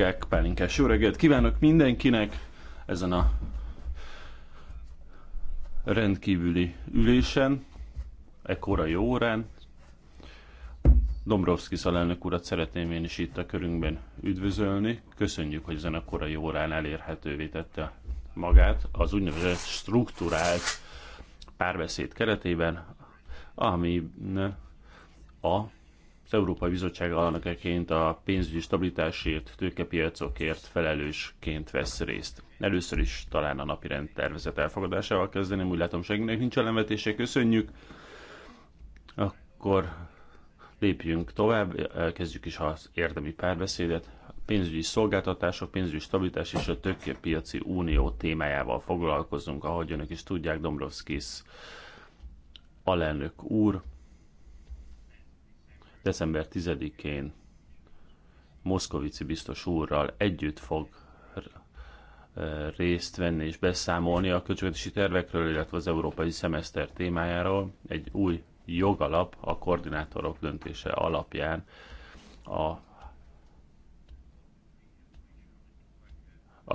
Kollégák, Pálinkás jó reggelt kívánok mindenkinek ezen a rendkívüli ülésen, kora jó órán. Dombrovszki szalelnök urat szeretném én is itt a körünkben üdvözölni. Köszönjük, hogy ezen a korai órán elérhetővé tette magát az úgynevezett struktúrált párbeszéd keretében, ami a az Európai Bizottság alelnökeként a pénzügyi stabilitásért, tőkepiacokért felelősként vesz részt. Először is talán a napi rend tervezet elfogadásával kezdeném, úgy látom senkinek nincs ellenvetése, köszönjük. Akkor lépjünk tovább, kezdjük is az érdemi párbeszédet. A pénzügyi szolgáltatások, pénzügyi stabilitás és a tőkepiaci unió témájával foglalkozunk, ahogy önök is tudják, Dombrovskis alelnök úr december 10-én Moszkovici biztos úrral együtt fog e, részt venni és beszámolni a költségvetési tervekről, illetve az európai szemeszter témájáról. Egy új jogalap a koordinátorok döntése alapján a,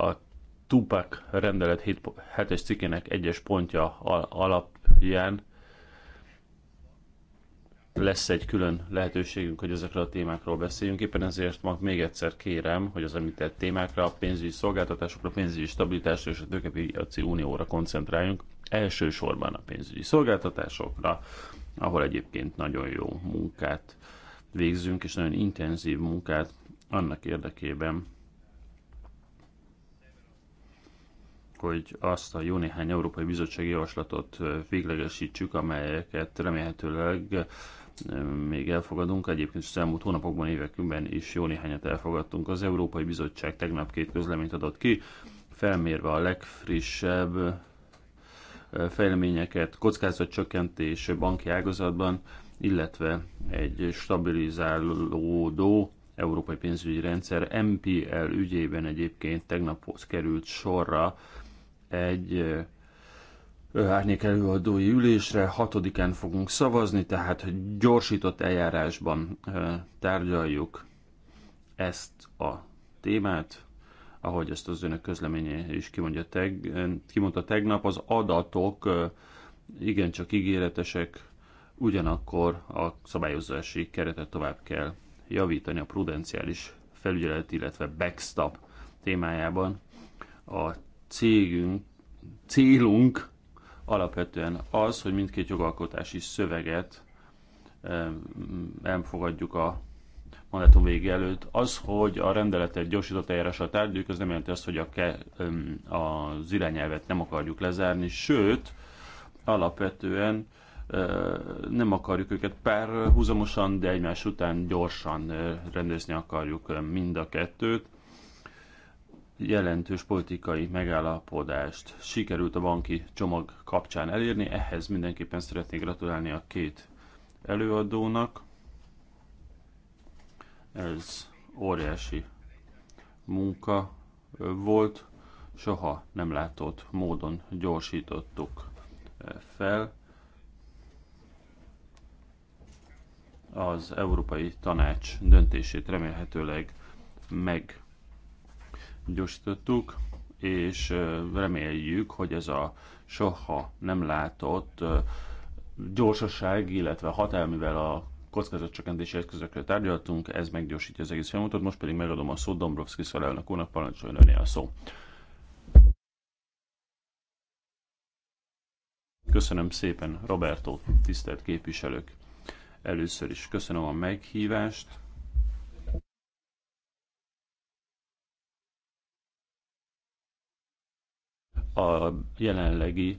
a Tupac rendelet 7-es cikkének egyes pontja alapján lesz egy külön lehetőségünk, hogy ezekről a témákról beszéljünk. Éppen ezért ma még egyszer kérem, hogy az említett témákra, a pénzügyi szolgáltatásokra, a pénzügyi stabilitásra és a tőkepiaci unióra koncentráljunk. Elsősorban a pénzügyi szolgáltatásokra, ahol egyébként nagyon jó munkát végzünk, és nagyon intenzív munkát annak érdekében, hogy azt a jó néhány Európai Bizottsági Javaslatot véglegesítsük, amelyeket remélhetőleg még elfogadunk. Egyébként az elmúlt hónapokban, években is jó néhányat elfogadtunk. Az Európai Bizottság tegnap két közleményt adott ki, felmérve a legfrissebb fejleményeket kockázatcsökkentés banki ágazatban, illetve egy stabilizálódó európai pénzügyi rendszer MPL ügyében egyébként tegnap került sorra egy árnyék előadói ülésre, 6-án fogunk szavazni, tehát gyorsított eljárásban tárgyaljuk ezt a témát, ahogy ezt az önök közleménye is kimondja teg, kimondta tegnap, az adatok igencsak ígéretesek, ugyanakkor a szabályozási keretet tovább kell javítani a prudenciális felügyelet, illetve backstop témájában. A cégünk, célunk alapvetően az, hogy mindkét jogalkotási szöveget elfogadjuk eh, a mandátum vége előtt. Az, hogy a rendeletet gyorsított eljárásra tárgyaljuk, az nem jelenti azt, hogy a ke, az irányelvet nem akarjuk lezárni, sőt, alapvetően eh, nem akarjuk őket párhuzamosan, de egymás után gyorsan eh, rendezni akarjuk mind a kettőt jelentős politikai megállapodást sikerült a banki csomag kapcsán elérni. Ehhez mindenképpen szeretnék gratulálni a két előadónak. Ez óriási munka volt, soha nem látott módon gyorsítottuk fel az Európai Tanács döntését remélhetőleg meg gyorsítottuk, és reméljük, hogy ez a soha nem látott gyorsaság, illetve hatalmivel a kockázatcsökkentési eszközökről tárgyaltunk, ez meggyorsítja az egész folyamatot, most pedig megadom a szót Dombrovszki szalelnök úrnak, parancsoljon önél a szó. Köszönöm szépen, Roberto, tisztelt képviselők! Először is köszönöm a meghívást, a jelenlegi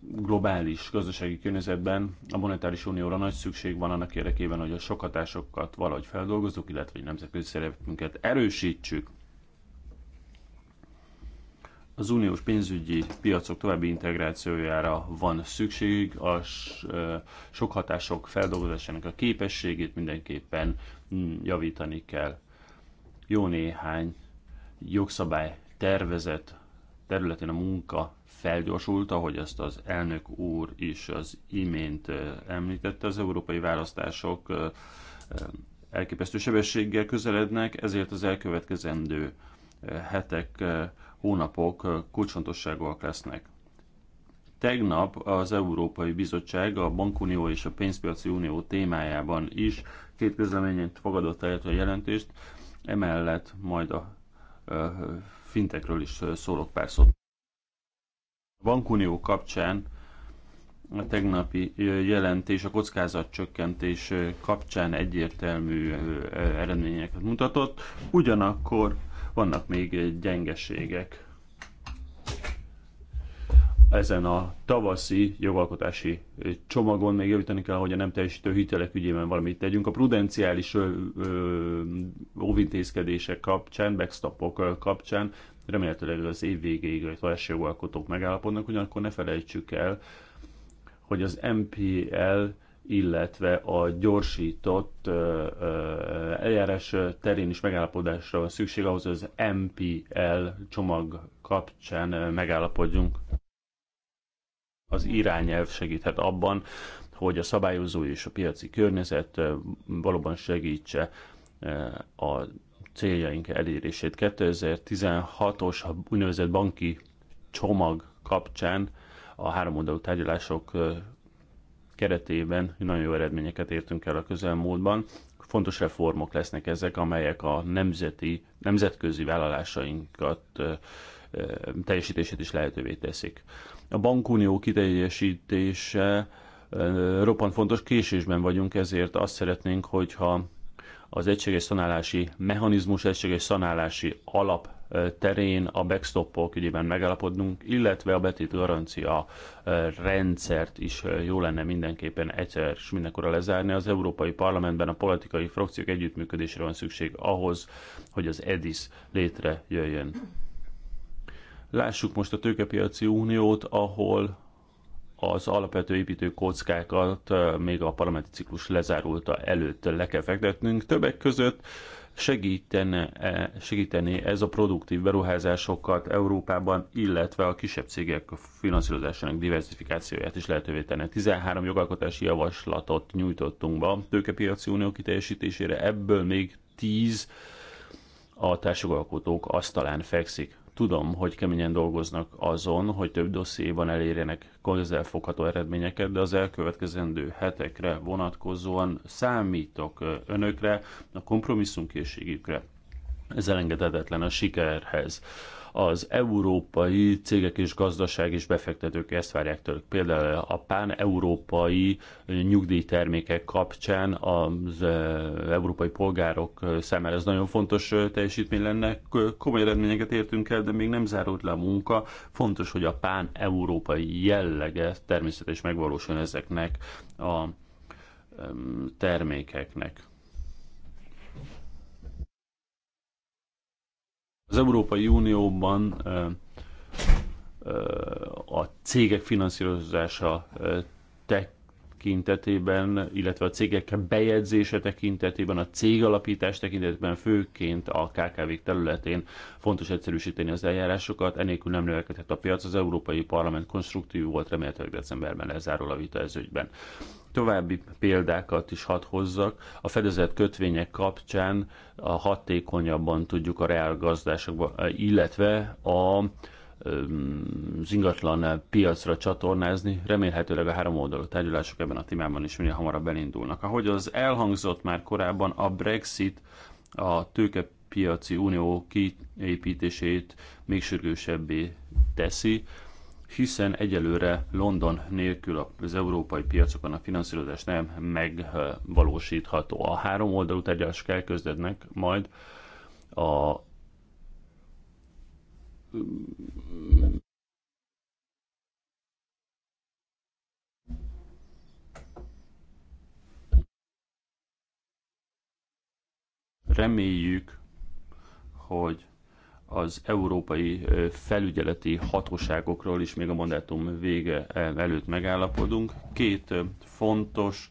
globális gazdasági környezetben a monetáris unióra nagy szükség van annak érdekében, hogy a sokatásokat valahogy feldolgozzuk, illetve hogy nemzetközi szerepünket erősítsük. Az uniós pénzügyi piacok további integrációjára van szükség, a sok hatások feldolgozásának a képességét mindenképpen hm, javítani kell. Jó néhány jogszabály tervezet területén a munka felgyorsult, ahogy azt az elnök úr is az imént említette. Az európai választások elképesztő sebességgel közelednek, ezért az elkövetkezendő hetek, hónapok kulcsfontosságúak lesznek. Tegnap az Európai Bizottság a Bankunió és a Pénzpiaci Unió témájában is két közleményét fogadott el a jelentést, emellett majd a fintekről is szólok pár szót. A bankunió kapcsán a tegnapi jelentés a kockázatcsökkentés kapcsán egyértelmű eredményeket mutatott, ugyanakkor vannak még gyengeségek ezen a tavaszi jogalkotási csomagon még javítani kell, hogy a nem teljesítő hitelek ügyében valamit tegyünk. A prudenciális óvintézkedések kapcsán, backstopok kapcsán remélhetőleg az év végéig a első jogalkotók megállapodnak, ugyanakkor ne felejtsük el, hogy az MPL illetve a gyorsított eljárás terén is megállapodásra van szükség ahhoz, hogy az MPL csomag kapcsán megállapodjunk az irányelv segíthet abban, hogy a szabályozó és a piaci környezet valóban segítse a céljaink elérését. 2016-os úgynevezett banki csomag kapcsán a háromoldalú tárgyalások keretében nagyon jó eredményeket értünk el a közelmúltban. Fontos reformok lesznek ezek, amelyek a nemzeti, nemzetközi vállalásainkat teljesítését is lehetővé teszik. A bankunió kiteljesítése roppant fontos, késésben vagyunk, ezért azt szeretnénk, hogyha az egységes szanálási mechanizmus, egységes szanálási alap terén a backstopok ügyében megállapodnunk, illetve a betét garancia rendszert is jó lenne mindenképpen egyszer és mindenkorra lezárni. Az Európai Parlamentben a politikai frakciók együttműködésre van szükség ahhoz, hogy az EDIS létrejöjjön. Lássuk most a tőkepiaci uniót, ahol az alapvető építő kockákat még a parlamenti ciklus lezárulta előtt le kell fektetnünk. Többek között segítene, e, segíteni ez a produktív beruházásokat Európában, illetve a kisebb cégek finanszírozásának diversifikációját is lehetővé tenni. 13 jogalkotási javaslatot nyújtottunk be a tőkepiaci unió kiteljesítésére, ebből még 10 a társjogalkotók asztalán fekszik. Tudom, hogy keményen dolgoznak azon, hogy több dossziéban elérjenek közelfogható eredményeket, de az elkövetkezendő hetekre vonatkozóan számítok önökre, a kompromisszumkészségükre. Ez elengedhetetlen a sikerhez az európai cégek és gazdaság és befektetők ezt várják tőlük. Például a pán-európai nyugdíjtermékek kapcsán az európai polgárok számára ez nagyon fontos teljesítmény lenne. Komoly eredményeket értünk el, de még nem zárult le a munka. Fontos, hogy a pán-európai jellege természetesen megvalósuljon ezeknek a termékeknek. Az Európai Unióban a cégek finanszírozása tekintetében, illetve a cégek bejegyzése tekintetében, a cégalapítás tekintetében főként a kkv területén fontos egyszerűsíteni az eljárásokat, enélkül nem növekedhet a piac. Az Európai Parlament konstruktív volt, remélhetőleg decemberben lezárul a vita ez ügyben. További példákat is hadd hozzak. A fedezett kötvények kapcsán a hatékonyabban tudjuk a reálgazdásokba, illetve a az ingatlan piacra csatornázni. Remélhetőleg a három oldalú tárgyalások ebben a témában is minél hamarabb elindulnak. Ahogy az elhangzott már korábban, a Brexit a tőkepiaci unió kiépítését még sürgősebbé teszi, hiszen egyelőre London nélkül az európai piacokon a finanszírozás nem megvalósítható. A három oldalú tárgyalások elkezdődnek majd a Reméljük, hogy az európai felügyeleti hatóságokról is még a mandátum vége előtt megállapodunk. Két fontos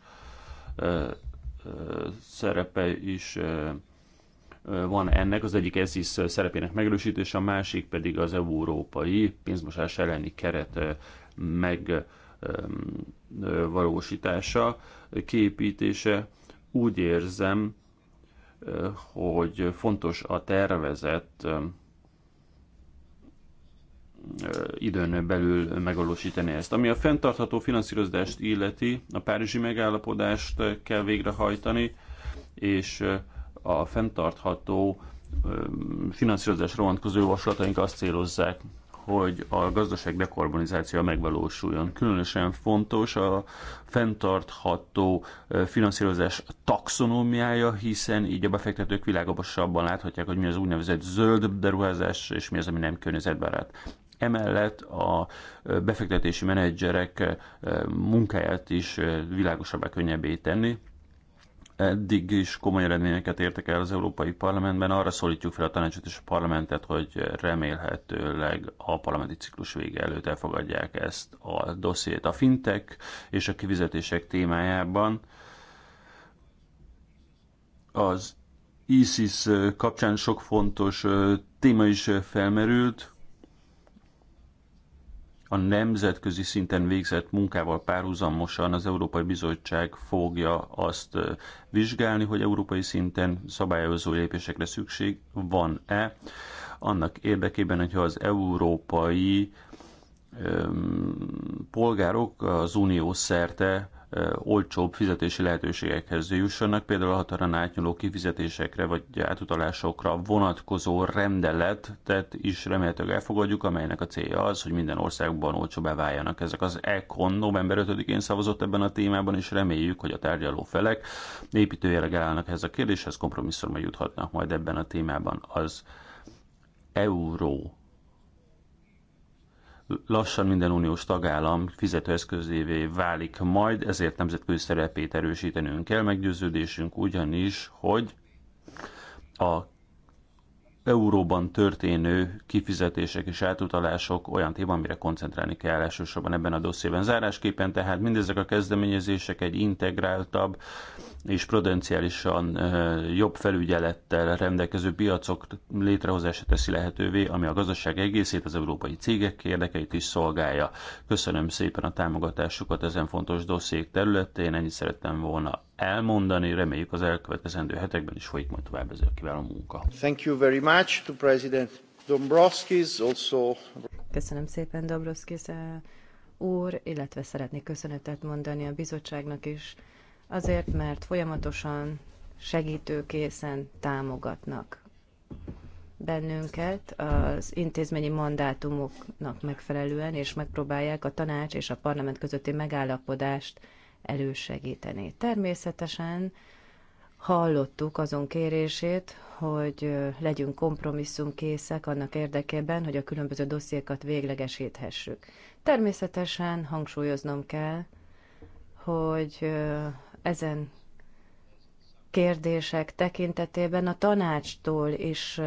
szerepe is van ennek, az egyik eszis szerepének megerősítése, a másik pedig az európai pénzmosás elleni keret megvalósítása, képítése. Úgy érzem, hogy fontos a tervezett időn belül megvalósítani ezt. Ami a fenntartható finanszírozást illeti, a párizsi megállapodást kell végrehajtani, és a fenntartható finanszírozásra vonatkozó javaslataink azt célozzák, hogy a gazdaság dekarbonizációja megvalósuljon. Különösen fontos a fenntartható finanszírozás taxonómiája, hiszen így a befektetők világosabban láthatják, hogy mi az úgynevezett zöld beruházás, és mi az, ami nem környezetbarát. Emellett a befektetési menedzserek munkáját is világosabbá könnyebbé tenni, Eddig is komoly eredményeket értek el az Európai Parlamentben. Arra szólítjuk fel a tanácsot és a parlamentet, hogy remélhetőleg a parlamenti ciklus vége előtt elfogadják ezt a dossziét. A fintek és a kivizetések témájában az ISIS kapcsán sok fontos téma is felmerült a nemzetközi szinten végzett munkával párhuzamosan az Európai Bizottság fogja azt vizsgálni, hogy európai szinten szabályozó lépésekre szükség van-e, annak érdekében, hogyha az európai polgárok az unió szerte olcsóbb fizetési lehetőségekhez jussanak, például a határon átnyúló kifizetésekre vagy átutalásokra vonatkozó rendeletet is remélhetőleg elfogadjuk, amelynek a célja az, hogy minden országban olcsóbbá váljanak ezek. Az ECON november 5-én szavazott ebben a témában, és reméljük, hogy a tárgyaló felek építőjeleg állnak ez a kérdéshez, kompromisszumra juthatnak majd ebben a témában az euró lassan minden uniós tagállam fizetőeszközévé válik majd, ezért nemzetközi szerepét erősítenünk kell. Meggyőződésünk ugyanis, hogy a euróban történő kifizetések és átutalások olyan téma, amire koncentrálni kell elsősorban ebben a dossziében. Zárásképpen tehát mindezek a kezdeményezések egy integráltabb és prudenciálisan jobb felügyelettel rendelkező piacok létrehozását teszi lehetővé, ami a gazdaság egészét, az európai cégek érdekeit is szolgálja. Köszönöm szépen a támogatásukat ezen fontos dossziék területén, ennyit szerettem volna elmondani. Reméljük az elkövetkezendő hetekben is folyik majd tovább a kiváló munka. Thank you very much to President Dombrovskis, also... Köszönöm szépen Dombrovskis eh, úr, illetve szeretnék köszönetet mondani a bizottságnak is, azért, mert folyamatosan segítőkészen támogatnak bennünket az intézményi mandátumoknak megfelelően, és megpróbálják a tanács és a parlament közötti megállapodást elősegítené. Természetesen hallottuk azon kérését, hogy legyünk kompromisszumkészek annak érdekében, hogy a különböző dossziékat véglegesíthessük. Természetesen hangsúlyoznom kell, hogy ezen kérdések tekintetében a tanácstól is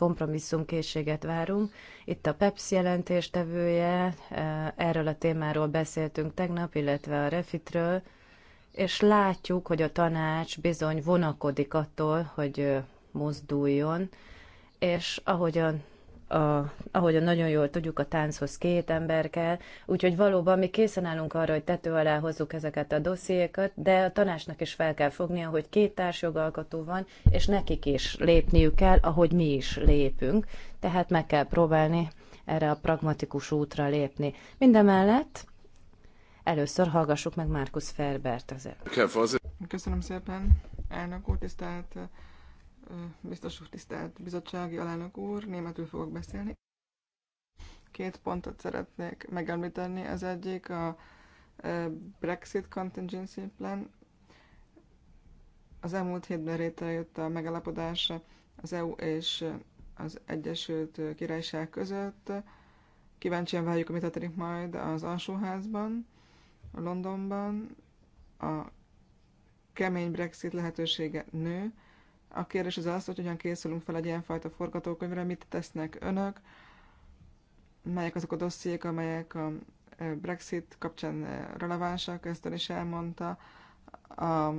kompromisszumkészséget várunk. Itt a PEPS jelentéstevője, e, erről a témáról beszéltünk tegnap, illetve a Refitről, és látjuk, hogy a tanács bizony vonakodik attól, hogy mozduljon, és ahogyan a, ahogyan nagyon jól tudjuk, a tánchoz két ember kell, úgyhogy valóban mi készen állunk arra, hogy tető alá hozzuk ezeket a dossziékat, de a tanácsnak is fel kell fognia, hogy két társjogalkotó van, és nekik is lépniük kell, ahogy mi is lépünk, tehát meg kell próbálni erre a pragmatikus útra lépni. Mindemellett először hallgassuk meg Markus Ferbert azért. Köszönöm szépen, elnök úr, tisztelt biztos úr, tisztelt bizottsági alelnök úr, németül fogok beszélni. Két pontot szeretnék megemlíteni. az egyik a e, Brexit Contingency Plan. Az elmúlt hétben rétrejött a megalapodás az EU és az Egyesült Királyság között. Kíváncsian várjuk, mit történik majd az alsóházban, a Londonban. A kemény Brexit lehetősége nő a kérdés az az, hogy hogyan készülünk fel egy ilyenfajta forgatókönyvre, mit tesznek önök, melyek azok a dossziék, amelyek a Brexit kapcsán relevánsak, ezt ön is elmondta, a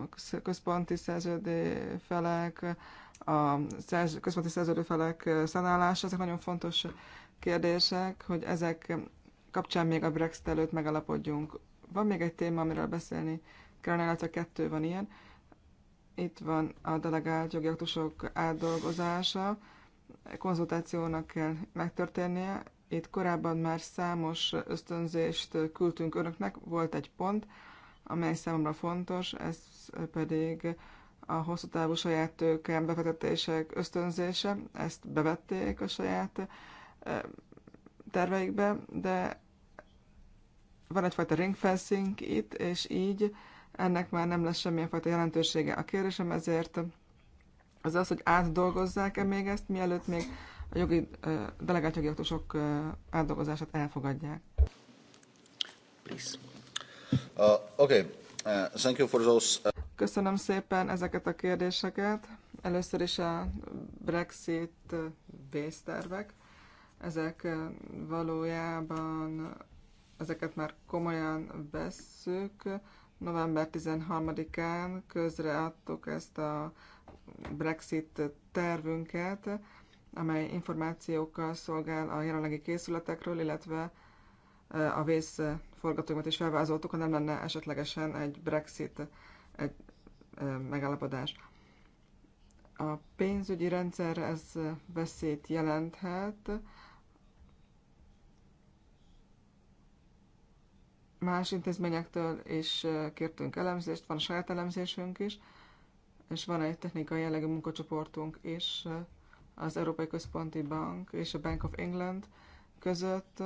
központi szerződő felek, a központi szerződő felek szanálása, ezek nagyon fontos kérdések, hogy ezek kapcsán még a Brexit előtt megalapodjunk. Van még egy téma, amiről beszélni kellene, illetve kettő van ilyen. Itt van a delegált jogi aktusok átdolgozása, konzultációnak kell megtörténnie. Itt korábban már számos ösztönzést küldtünk önöknek, volt egy pont, amely számomra fontos, ez pedig a hosszú távú saját tőke befektetések ösztönzése, ezt bevették a saját terveikbe, de van egyfajta ringfencing itt, és így ennek már nem lesz semmilyen fajta jelentősége. A kérdésem ezért az az, hogy átdolgozzák-e még ezt, mielőtt még a jogi, delegált jogi aktusok átdolgozását elfogadják. Please. Uh, okay. uh, thank you for those, uh... Köszönöm szépen ezeket a kérdéseket. Először is a Brexit vésztervek. Ezek valójában, ezeket már komolyan vesszük november 13-án közreadtuk ezt a Brexit tervünket, amely információkkal szolgál a jelenlegi készületekről, illetve eh, a vész forgatóimat is felvázoltuk, ha nem lenne esetlegesen egy Brexit egy eh, megállapodás. A pénzügyi rendszer ez veszélyt jelenthet, más intézményektől is kértünk elemzést, van a saját elemzésünk is, és van egy technikai jellegű munkacsoportunk is az Európai Központi Bank és a Bank of England között.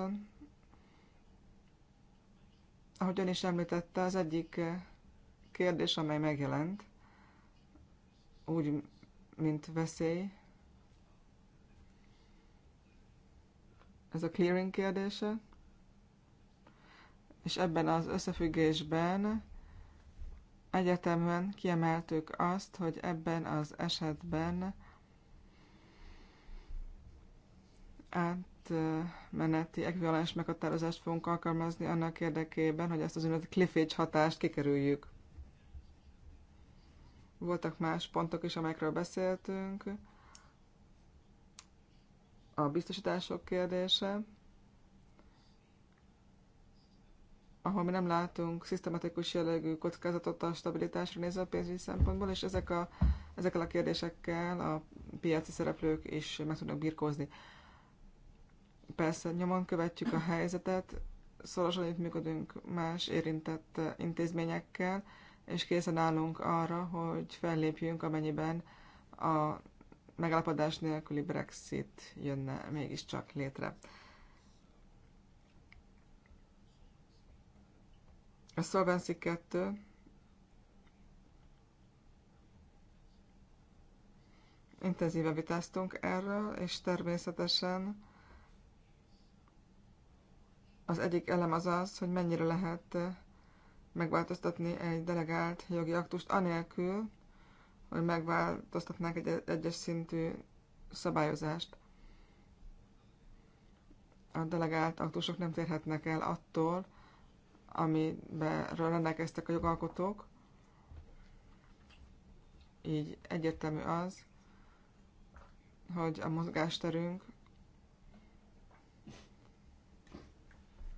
ön is említette, az egyik kérdés, amely megjelent, úgy, mint veszély, ez a clearing kérdése és ebben az összefüggésben egyetemben kiemeltük azt, hogy ebben az esetben átmeneti ekvivalens meghatározást fogunk alkalmazni annak érdekében, hogy ezt az úgynevezett cliffage hatást kikerüljük. Voltak más pontok is, amelyekről beszéltünk. A biztosítások kérdése. ahol mi nem látunk szisztematikus jellegű kockázatot a stabilitásra nézve a pénzügyi szempontból, és ezek a, ezekkel a kérdésekkel a piaci szereplők is meg tudnak birkózni. Persze nyomon követjük a helyzetet, szorosan itt működünk más érintett intézményekkel, és készen állunk arra, hogy fellépjünk, amennyiben a megállapodás nélküli Brexit jönne mégiscsak létre. A Solvency 2 intenzíve vitáztunk erről, és természetesen az egyik elem az az, hogy mennyire lehet megváltoztatni egy delegált jogi aktust, anélkül, hogy megváltoztatnák egy egyes szintű szabályozást. A delegált aktusok nem térhetnek el attól, amiről rendelkeztek a jogalkotók. Így egyértelmű az, hogy a mozgásterünk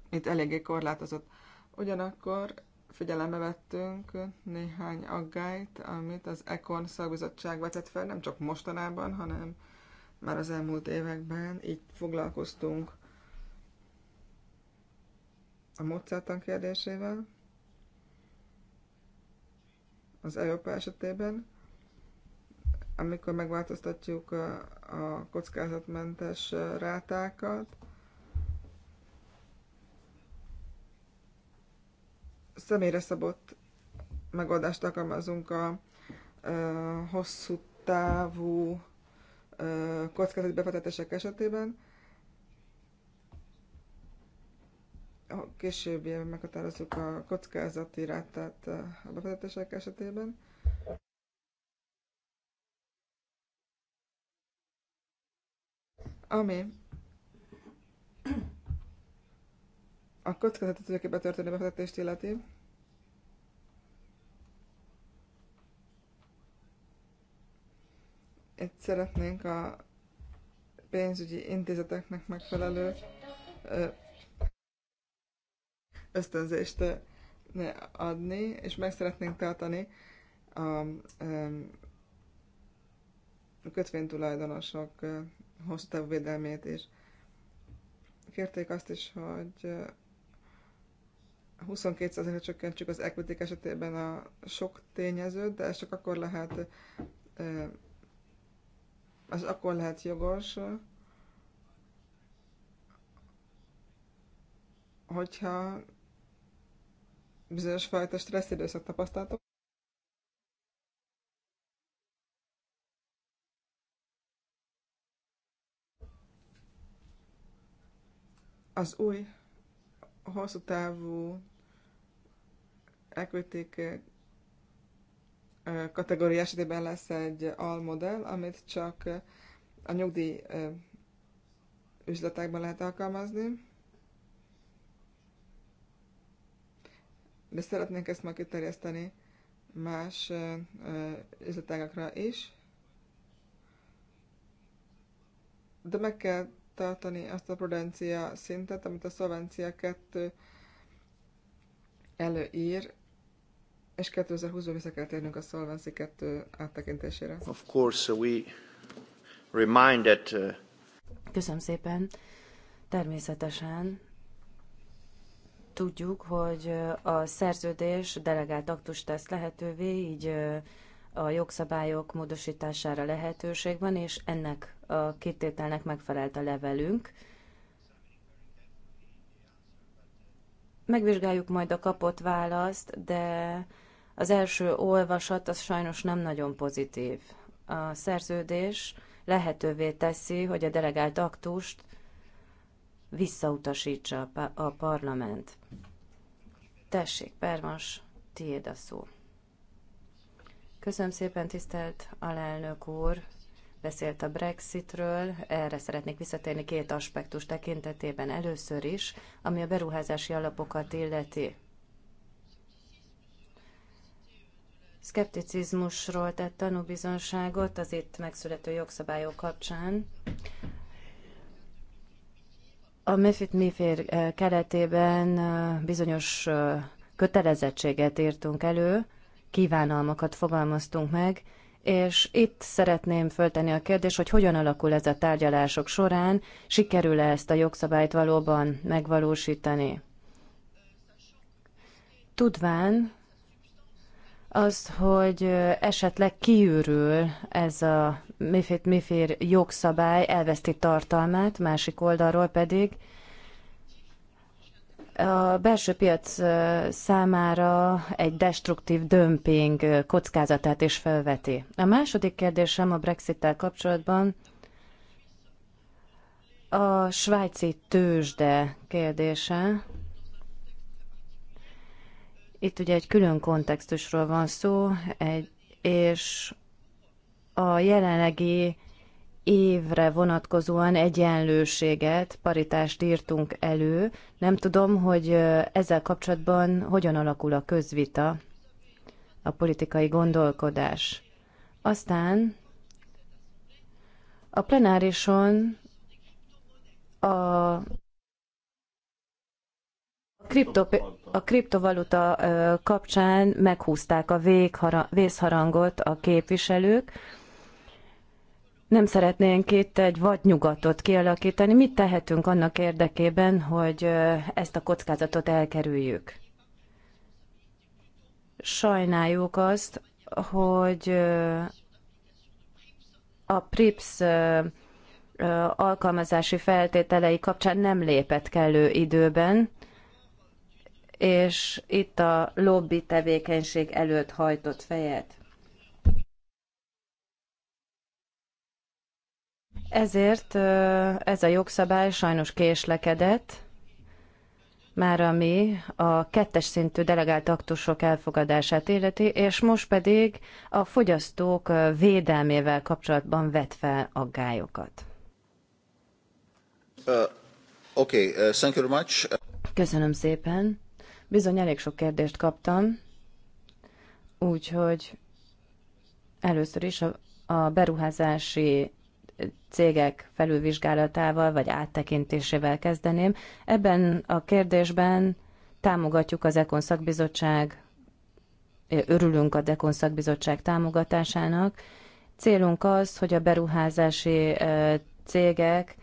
itt eléggé korlátozott. Ugyanakkor figyelembe vettünk néhány aggályt, amit az Econ szakbizottság vetett fel, nem csak mostanában, hanem már az elmúlt években. Így foglalkoztunk a módszertan kérdésével, az Európa esetében, amikor megváltoztatjuk a, a kockázatmentes rátákat, személyre szabott megoldást alkalmazunk a ö, hosszú távú kockázati befektetések esetében, A később meghatározzuk a kockázati rátát a befektetések esetében. Ami a kockázati tőkébe történő befektetést illeti, itt szeretnénk a pénzügyi intézeteknek megfelelő ösztönzést eh, adni, és meg szeretnénk tartani a, a kötvénytulajdonosok eh, hosszú távú védelmét is. Kérték azt is, hogy 22%-ra eh, csökkentsük az equity esetében a sok tényezőt, de ez csak akkor lehet az akkor lehet jogos, hogyha bizonyos fajta stressz időszak tapasztaltok. Az új hosszú távú equity kategória esetében lesz egy almodell, amit csak a nyugdíj üzletekben lehet alkalmazni. de szeretnénk ezt majd kiterjeszteni más üzletágakra is. De meg kell tartani azt a prudencia szintet, amit a szolvencia 2 előír, és 2020-ban vissza kell térnünk a Solvency 2 áttekintésére. Of course, uh, we reminded... Uh, Köszönöm szépen. Természetesen Tudjuk, hogy a szerződés delegált aktus tesz lehetővé, így a jogszabályok módosítására lehetőség van, és ennek a kitételnek megfelelt a levelünk. Megvizsgáljuk majd a kapott választ, de az első olvasat az sajnos nem nagyon pozitív. A szerződés lehetővé teszi, hogy a delegált aktust visszautasítsa a parlament. Tessék, Pervas, tiéd a szó. Köszönöm szépen, tisztelt alelnök úr! Beszélt a Brexitről, erre szeretnék visszatérni két aspektus tekintetében először is, ami a beruházási alapokat illeti. Szkepticizmusról tett tanúbizonságot az itt megszülető jogszabályok kapcsán. A mifit mifér eh, keretében eh, bizonyos eh, kötelezettséget írtunk elő, kívánalmakat fogalmaztunk meg, és itt szeretném föltenni a kérdést, hogy hogyan alakul ez a tárgyalások során, sikerül-e ezt a jogszabályt valóban megvalósítani. Tudván, az, hogy esetleg kiürül ez a MIFID MIFIR jogszabály, elveszti tartalmát, másik oldalról pedig a belső piac számára egy destruktív dömping kockázatát is felveti. A második kérdésem a Brexit-tel kapcsolatban a svájci tőzsde kérdése. Itt ugye egy külön kontextusról van szó, egy, és a jelenlegi évre vonatkozóan egyenlőséget, paritást írtunk elő. Nem tudom, hogy ezzel kapcsolatban hogyan alakul a közvita, a politikai gondolkodás. Aztán a plenárison a kripto, a kriptovaluta kapcsán meghúzták a vészharangot a képviselők. Nem szeretnénk itt egy vadnyugatot kialakítani. Mit tehetünk annak érdekében, hogy ezt a kockázatot elkerüljük? Sajnáljuk azt, hogy a PRIPS alkalmazási feltételei kapcsán nem lépett kellő időben, és itt a lobby tevékenység előtt hajtott fejet. Ezért ez a jogszabály sajnos késlekedett, már ami a kettes szintű delegált aktusok elfogadását illeti, és most pedig a fogyasztók védelmével kapcsolatban vet fel aggályokat. Uh, okay. uh, thank you very much. Köszönöm szépen. Bizony elég sok kérdést kaptam, úgyhogy először is a, a beruházási cégek felülvizsgálatával vagy áttekintésével kezdeném. Ebben a kérdésben támogatjuk az Ekon szakbizottság, örülünk a Dekon szakbizottság támogatásának. Célunk az, hogy a beruházási cégek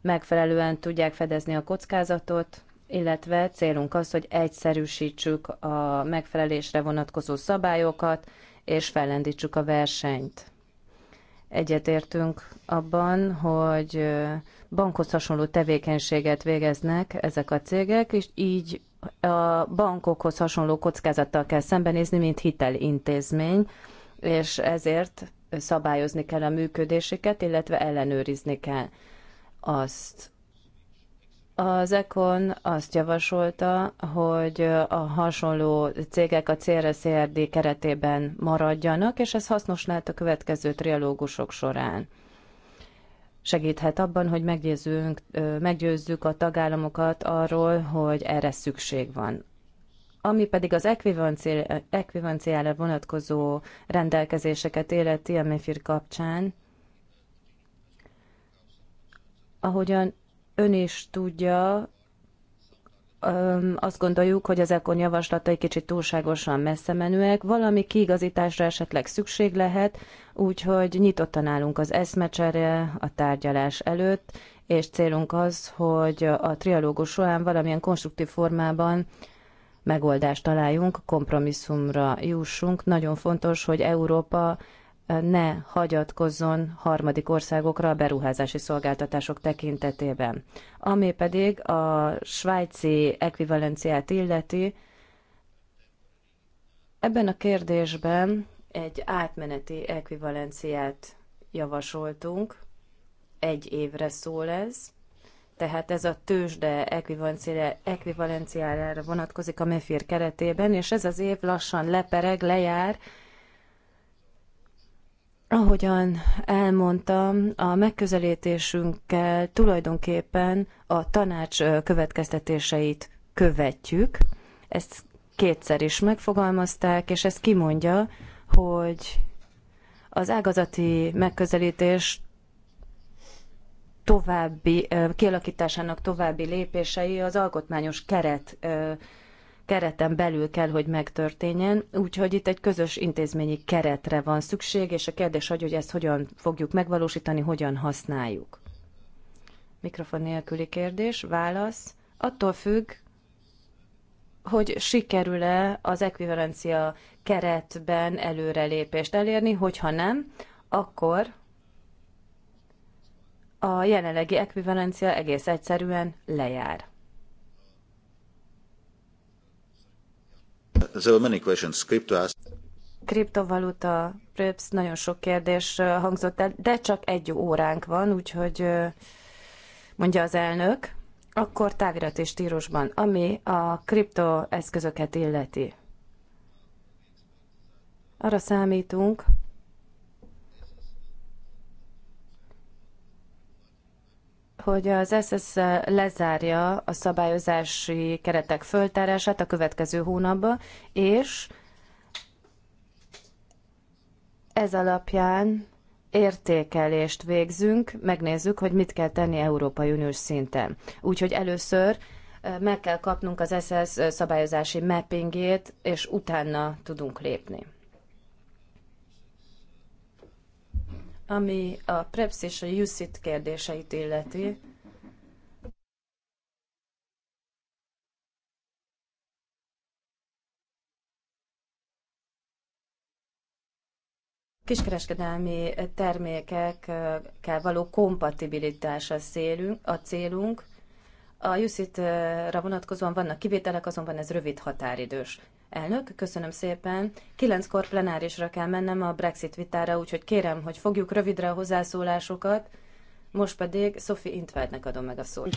megfelelően tudják fedezni a kockázatot, illetve célunk az, hogy egyszerűsítsük a megfelelésre vonatkozó szabályokat, és fellendítsük a versenyt. Egyetértünk abban, hogy bankhoz hasonló tevékenységet végeznek ezek a cégek, és így a bankokhoz hasonló kockázattal kell szembenézni, mint hitelintézmény, és ezért szabályozni kell a működésüket, illetve ellenőrizni kell azt. Az Econ azt javasolta, hogy a hasonló cégek a CRSZRD keretében maradjanak, és ez hasznos lehet a következő trialógusok során. Segíthet abban, hogy meggyőzzünk, meggyőzzük a tagállamokat arról, hogy erre szükség van. Ami pedig az ekvivanciára vonatkozó rendelkezéseket életi a MIFIR kapcsán, ahogyan ön is tudja, azt gondoljuk, hogy az ECON javaslatai kicsit túlságosan messze menőek, valami kiigazításra esetleg szükség lehet, úgyhogy nyitottan állunk az eszmecsere a tárgyalás előtt, és célunk az, hogy a trialógus során valamilyen konstruktív formában megoldást találjunk, kompromisszumra jussunk. Nagyon fontos, hogy Európa ne hagyatkozzon harmadik országokra a beruházási szolgáltatások tekintetében. Ami pedig a svájci ekvivalenciát illeti, ebben a kérdésben egy átmeneti ekvivalenciát javasoltunk, egy évre szól ez, tehát ez a tőzsde ekvivalenciájára vonatkozik a MEFIR keretében, és ez az év lassan lepereg, lejár, Ahogyan elmondtam, a megközelítésünkkel tulajdonképpen a tanács következtetéseit követjük. Ezt kétszer is megfogalmazták, és ez kimondja, hogy az ágazati megközelítés további kialakításának további lépései az alkotmányos keret kereten belül kell, hogy megtörténjen, úgyhogy itt egy közös intézményi keretre van szükség, és a kérdés, hogy, hogy ezt hogyan fogjuk megvalósítani, hogyan használjuk. Mikrofon nélküli kérdés, válasz. Attól függ, hogy sikerül-e az ekvivalencia keretben előrelépést elérni, hogyha nem, akkor a jelenlegi ekvivalencia egész egyszerűen lejár. kriptovaluta, Preps, nagyon sok kérdés hangzott el, de csak egy óránk van, úgyhogy mondja az elnök. Akkor távirat és stílusban, ami a kriptoeszközöket illeti. Arra számítunk, hogy az SSZ lezárja a szabályozási keretek föltárását a következő hónapban, és ez alapján értékelést végzünk, megnézzük, hogy mit kell tenni Európai Uniós szinten. Úgyhogy először eh, meg kell kapnunk az SSZ szabályozási mappingét, és utána tudunk lépni. Ami a PREPS és a USIT kérdéseit illeti, kiskereskedelmi termékekkel való kompatibilitás a, célunk, a célunk. A usit ra vonatkozóan vannak kivételek, azonban ez rövid határidős Elnök, köszönöm szépen. Kilenckor plenárisra kell mennem a Brexit vitára, úgyhogy kérem, hogy fogjuk rövidre a hozzászólásokat. Most pedig Sophie Intveldnek adom meg a szót.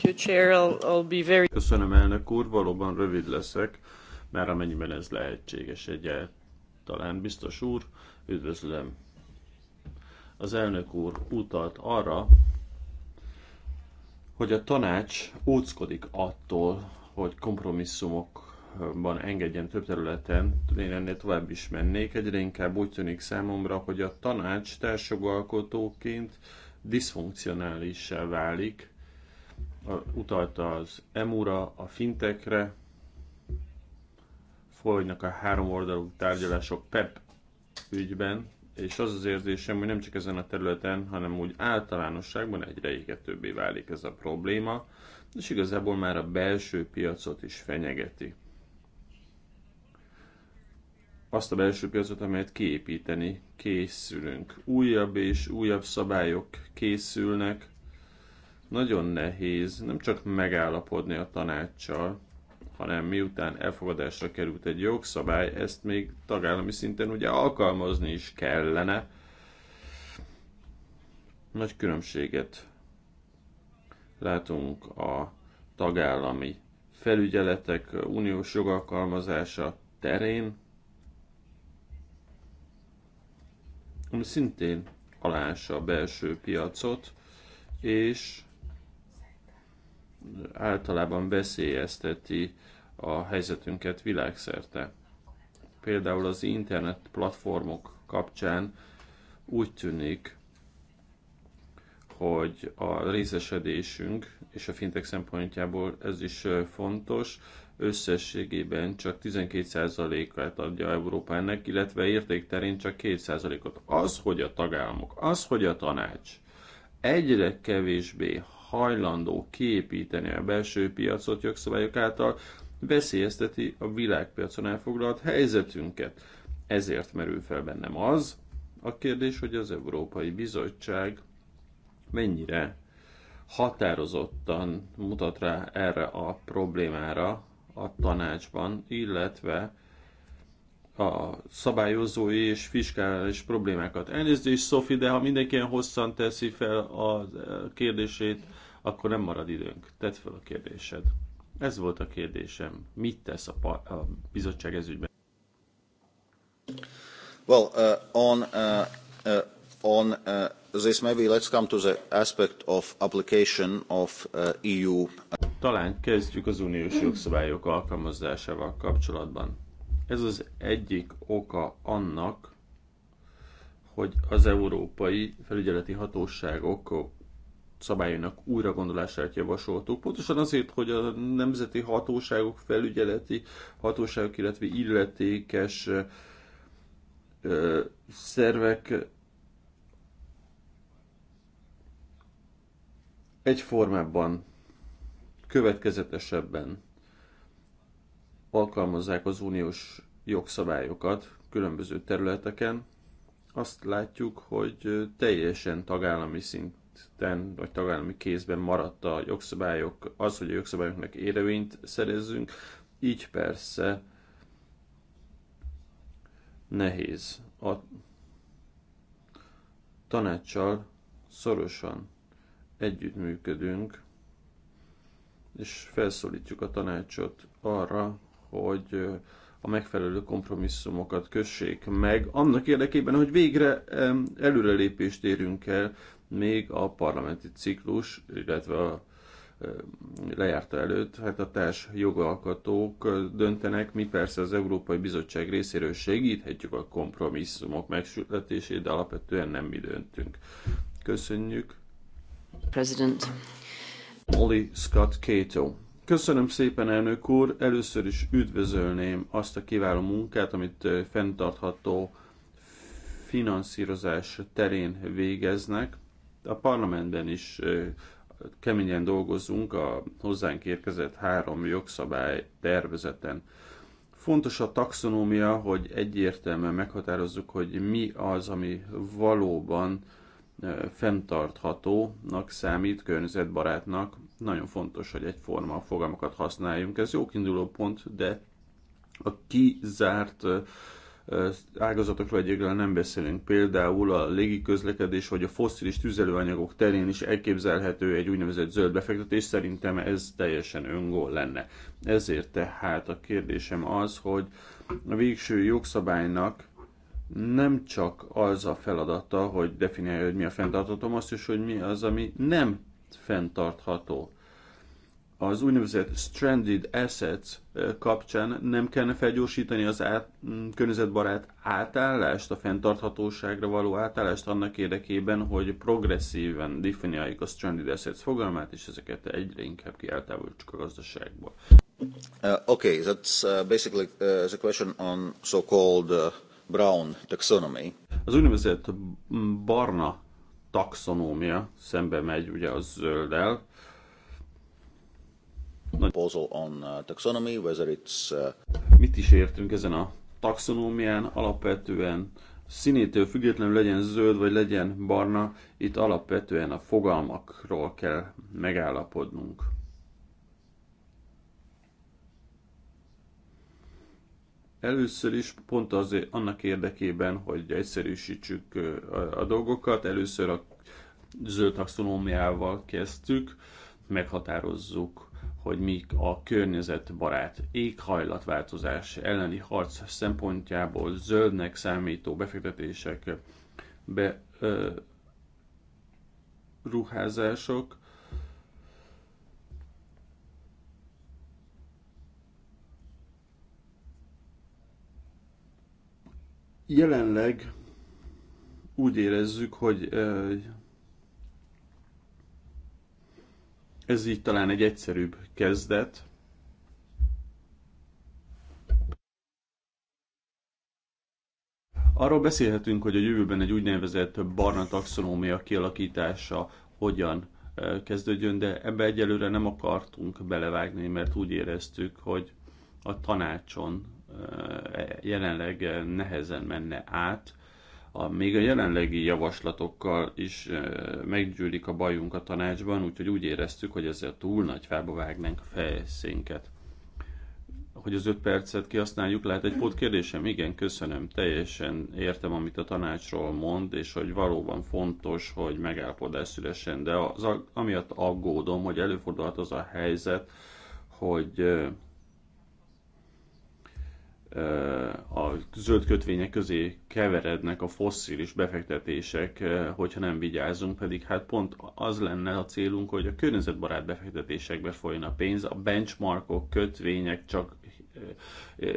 Köszönöm, elnök úr, valóban rövid leszek, mert amennyiben ez lehetséges Talán Biztos úr, üdvözlöm. Az elnök úr utalt arra, hogy a tanács óckodik attól, hogy kompromisszumok Európában engedjen több területen, én ennél tovább is mennék, egyre inkább úgy tűnik számomra, hogy a tanács társjogalkotóként diszfunkcionálissá válik, a, utalta az EMU-ra, a fintekre, folynak a három oldalú tárgyalások PEP ügyben, és az az érzésem, hogy nem csak ezen a területen, hanem úgy általánosságban egyre égetőbbé válik ez a probléma, és igazából már a belső piacot is fenyegeti azt a belső piacot, amelyet kiépíteni készülünk. Újabb és újabb szabályok készülnek. Nagyon nehéz nem csak megállapodni a tanácssal, hanem miután elfogadásra került egy jogszabály, ezt még tagállami szinten ugye alkalmazni is kellene. Nagy különbséget látunk a tagállami felügyeletek uniós jogalkalmazása terén, ami szintén alása a belső piacot, és általában veszélyezteti a helyzetünket világszerte. Például az internet platformok kapcsán úgy tűnik, hogy a részesedésünk, és a fintech szempontjából ez is fontos, összességében csak 12%-át adja Európának, illetve értékterén csak 2%-ot. Az, hogy a tagállamok, az, hogy a tanács egyre kevésbé hajlandó kiépíteni a belső piacot jogszabályok által, veszélyezteti a világpiacon elfoglalt helyzetünket. Ezért merül fel bennem az a kérdés, hogy az Európai Bizottság mennyire határozottan mutat rá erre a problémára, a tanácsban, illetve a szabályozói és fiskális problémákat. Elnézést, Szofi, de ha mindenki ilyen hosszan teszi fel a kérdését, akkor nem marad időnk. Tedd fel a kérdésed. Ez volt a kérdésem. Mit tesz a, a bizottság ezügyben? ügyben? Well, uh, on, uh, uh, on uh, this maybe let's come to the aspect of application of uh, EU. Talán kezdjük az uniós jogszabályok alkalmazásával kapcsolatban. Ez az egyik oka annak, hogy az európai felügyeleti hatóságok szabályainak újragondolását javasoltuk. Pontosan azért, hogy a nemzeti hatóságok, felügyeleti hatóságok, illetve illetékes ö, szervek egyformában következetesebben alkalmazzák az uniós jogszabályokat különböző területeken, azt látjuk, hogy teljesen tagállami szinten, vagy tagállami kézben maradt a jogszabályok, az, hogy a jogszabályoknak érvényt szerezzünk, így persze nehéz. A tanácssal szorosan együttműködünk, és felszólítjuk a tanácsot arra, hogy a megfelelő kompromisszumokat kössék meg, annak érdekében, hogy végre előrelépést érünk el még a parlamenti ciklus, illetve a lejárta előtt, hát a társ jogalkatók döntenek, mi persze az Európai Bizottság részéről segíthetjük a kompromisszumok megsületését, de alapvetően nem mi döntünk. Köszönjük. President. Molly Scott Cato. Köszönöm szépen, elnök úr! Először is üdvözölném azt a kiváló munkát, amit fenntartható finanszírozás terén végeznek. A parlamentben is keményen dolgozunk a hozzánk érkezett három jogszabály tervezeten. Fontos a taxonómia, hogy egyértelműen meghatározzuk, hogy mi az, ami valóban fenntarthatónak számít, környezetbarátnak. Nagyon fontos, hogy egyforma fogalmakat használjunk. Ez jó kiinduló pont, de a kizárt ágazatokról egyébként nem beszélünk. Például a légiközlekedés vagy a foszilis tüzelőanyagok terén is elképzelhető egy úgynevezett zöld befektetés, szerintem ez teljesen öngól lenne. Ezért tehát a kérdésem az, hogy a végső jogszabálynak nem csak az a feladata, hogy definiálja, hogy mi a fenntartható, azt is, hogy mi az, ami nem fenntartható. Az úgynevezett stranded assets eh, kapcsán nem kellene felgyorsítani az át, mm, környezetbarát átállást, a fenntarthatóságra való átállást annak érdekében, hogy progresszíven definiáljuk a stranded assets fogalmát, és ezeket egyre inkább kieltávolítsuk a gazdaságból. Uh, okay, that's uh, basically uh, the question on so-called uh, Brown taxonomy. Az úgynevezett barna taxonómia szembe megy ugye a zölddel. Proposal on uh, taxonomy, whether it's... Uh, Mit is értünk ezen a taxonómián? Alapvetően színétől függetlenül legyen zöld vagy legyen barna, itt alapvetően a fogalmakról kell megállapodnunk. Először is pont azért annak érdekében, hogy egyszerűsítsük a dolgokat, először a zöld taxonómiával kezdtük, meghatározzuk, hogy mik a környezetbarát éghajlatváltozás elleni harc szempontjából zöldnek számító befektetések, beruházások, ö, ruházások, Jelenleg úgy érezzük, hogy ez így talán egy egyszerűbb kezdet. Arról beszélhetünk, hogy a jövőben egy úgynevezett barna taxonómia kialakítása hogyan kezdődjön, de ebbe egyelőre nem akartunk belevágni, mert úgy éreztük, hogy a tanácson Eh, jelenleg nehezen menne át. A, még a jelenlegi javaslatokkal is eh, meggyűlik a bajunk a tanácsban, úgyhogy úgy éreztük, hogy ezzel túl nagy fába vágnánk a fejszénket. Hogy az öt percet kihasználjuk, lehet egy pót kérdésem? Igen, köszönöm. Teljesen értem, amit a tanácsról mond, és hogy valóban fontos, hogy megállapodás szülessen, de az, amiatt aggódom, hogy előfordulhat az a helyzet, hogy eh, a zöld kötvények közé keverednek a fosszilis befektetések, hogyha nem vigyázunk, pedig hát pont az lenne a célunk, hogy a környezetbarát befektetésekbe folyjon a pénz, a benchmarkok, kötvények csak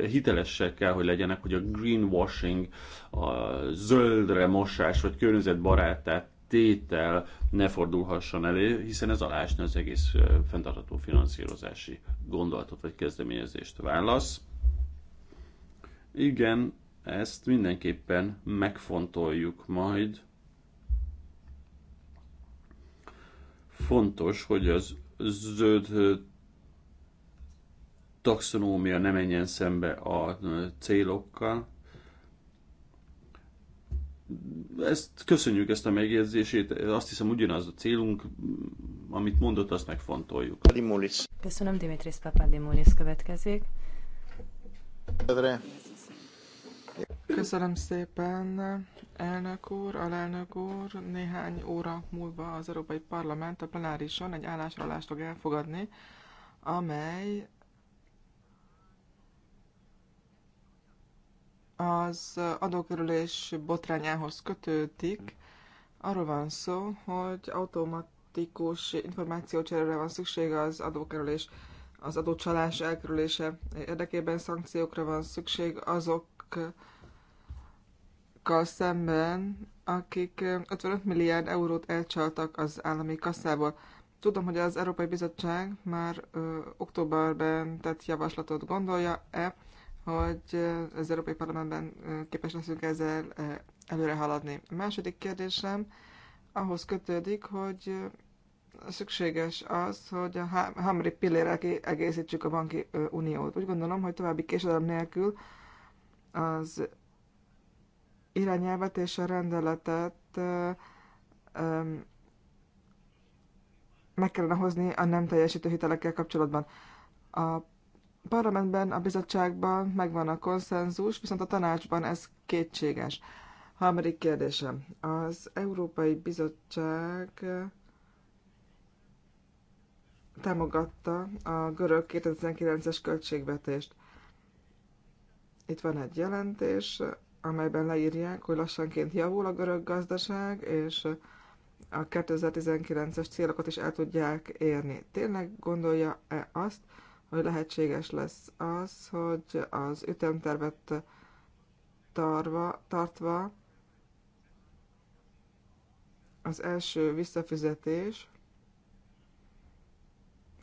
hitelesek kell, hogy legyenek, hogy a greenwashing, a zöldre mosás, vagy környezetbarátát tétel ne fordulhasson elő, hiszen ez alásna az egész fenntartható finanszírozási gondolatot vagy kezdeményezést válasz. Igen, ezt mindenképpen megfontoljuk majd. Fontos, hogy az zöld taxonómia ne menjen szembe a célokkal. Ezt köszönjük ezt a megjegyzését, azt hiszem ugyanaz a célunk, amit mondott, azt megfontoljuk. Köszönöm, Dimitris Papadimulis következik. Övre. Köszönöm szépen, elnök úr, alelnök úr. Néhány óra múlva az Európai Parlament a plenárison egy állásralást fog elfogadni, amely az adókerülés botrányához kötődik. Arról van szó, hogy automatikus információcserére van szüksége az adókerülés, az adócsalás elkerülése érdekében szankciókra van szükség azok azokkal szemben, akik 55 milliárd eurót elcsaltak az állami kasszából. Tudom, hogy az Európai Bizottság már ö, októberben tett javaslatot gondolja-e, hogy az Európai Parlamentben képes leszünk ezzel előre haladni. A második kérdésem ahhoz kötődik, hogy szükséges az, hogy a hamri pillére egészítsük a banki uniót. Úgy gondolom, hogy további késedelem nélkül az irányelvet és a rendeletet meg kellene hozni a nem teljesítő hitelekkel kapcsolatban. A parlamentben, a bizottságban megvan a konszenzus, viszont a tanácsban ez kétséges. Harmadik kérdésem. Az Európai Bizottság támogatta a görög 2019-es költségvetést. Itt van egy jelentés, amelyben leírják, hogy lassanként javul a görög gazdaság, és a 2019-es célokat is el tudják érni. Tényleg gondolja-e azt, hogy lehetséges lesz az, hogy az ütemtervet tarva, tartva az első visszafizetés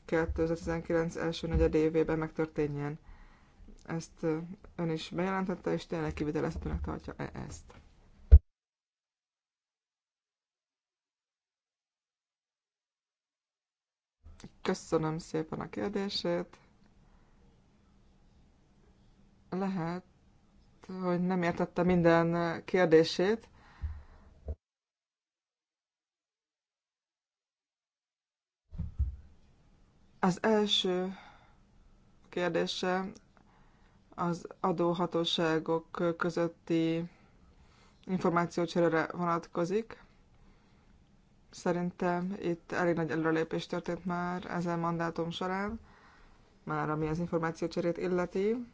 2019 első negyedévében megtörténjen ezt ön is bejelentette, és tényleg kivitelezhetőnek tartja -e ezt. Köszönöm szépen a kérdését. Lehet, hogy nem értette minden kérdését. Az első kérdése az adóhatóságok közötti információcserére vonatkozik. Szerintem itt elég nagy előrelépés történt már ezen mandátum során, már ami az információcserét illeti.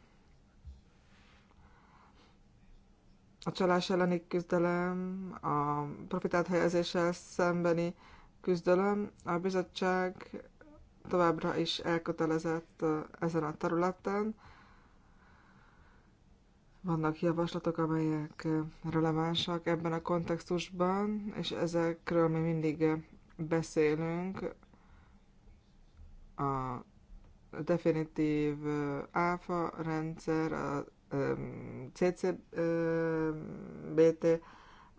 A csalás elleni küzdelem, a profitált helyezéssel szembeni küzdelem, a bizottság továbbra is elkötelezett ezen a területen, vannak javaslatok, amelyek eh, relevánsak ebben a kontextusban, és ezekről mi mindig eh, beszélünk. A definitív eh, áfa rendszer, a CCBT,